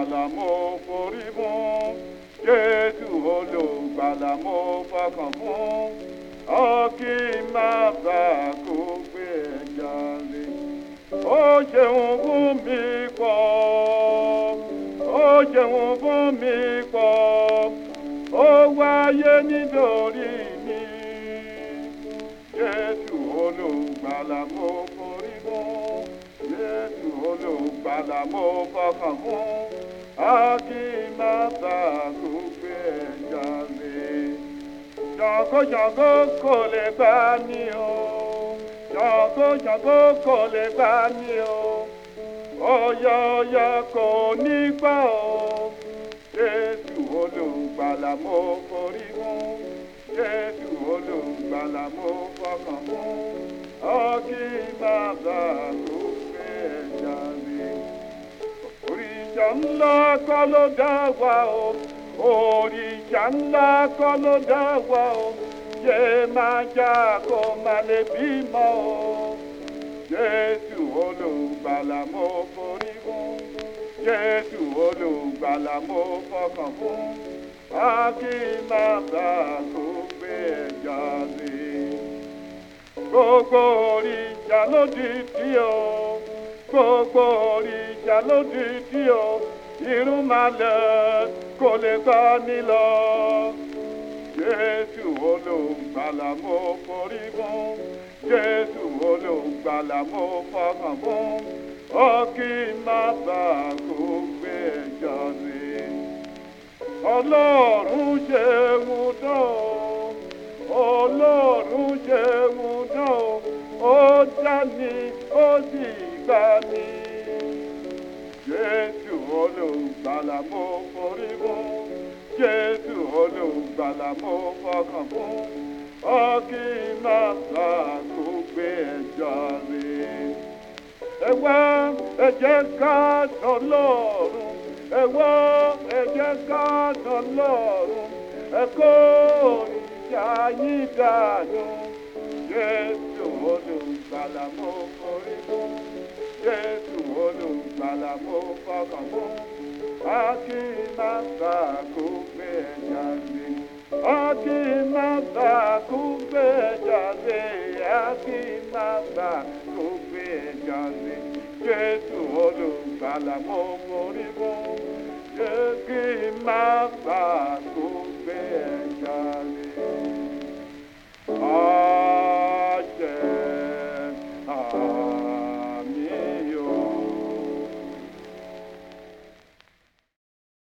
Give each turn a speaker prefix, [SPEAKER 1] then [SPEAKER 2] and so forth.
[SPEAKER 1] gbàlà mo forí fún jésù olùgbàlà mo fọkàn fún ọkì má bàa kó gbé ẹja lé ó ṣeun fún mi pọ̀ ó ṣeun fún mi pọ̀ ó wáyé nítorí mi jésù olùgbàlà mo forí fún jésù olùgbàlà mo fọkàn fún akínátà ló gbé ẹja mi. jọ̀gọ́jọ̀gọ́ kò lè gbá mi o jọ̀gọ́jọ̀gọ́ kò lè gbá mi o ọ̀yọ̀ọ̀yọ̀ kò ní gbà o jésù olùgbàlà mo forí fún jésù olùgbàlà mo fọkàn fún ọkì bàbá tó. Oriyanda kolodawa o, ori Oriyanda kolodawa o, Yema jako male bímọ o. Jésù olùgbàlà mo forí fún, Jésù olùgbàlà mo fọkàn fún, a kì í máa bá a tó gbé ẹja lé. Gbogbo orí ìjà ló di tí o gbogbo òrìṣà lódìdí o ìrúnmalẹ̀ kò lè bá mi lọ. Jésù olùgbàlà mo forí fún. Jésù olùgbàlà mo fọkàn fún. Ó má bàa kó gbé ẹjọ́ sí. Ọlọ́run ṣeun dán o. Ọlọ́run ṣeun dán o. Ó dá mi, ó dì gbà mí. Jésù olùgbàlà mo forí mọ́. Jésù olùgbàlà mo fọkàn fún. Ọkì máa ta kó gbé ẹja rè. Ẹ wá ẹ jẹ́ ká tọ́ lọ́rùn. Ẹ wá ẹ jẹ́ ká tọ́ lọ́rùn. Ẹ kó ìjà yín dànù. Jésù olùgbàlà mo forí mọ́. Salamon, Moribon, Jacques Mabba, Coupé,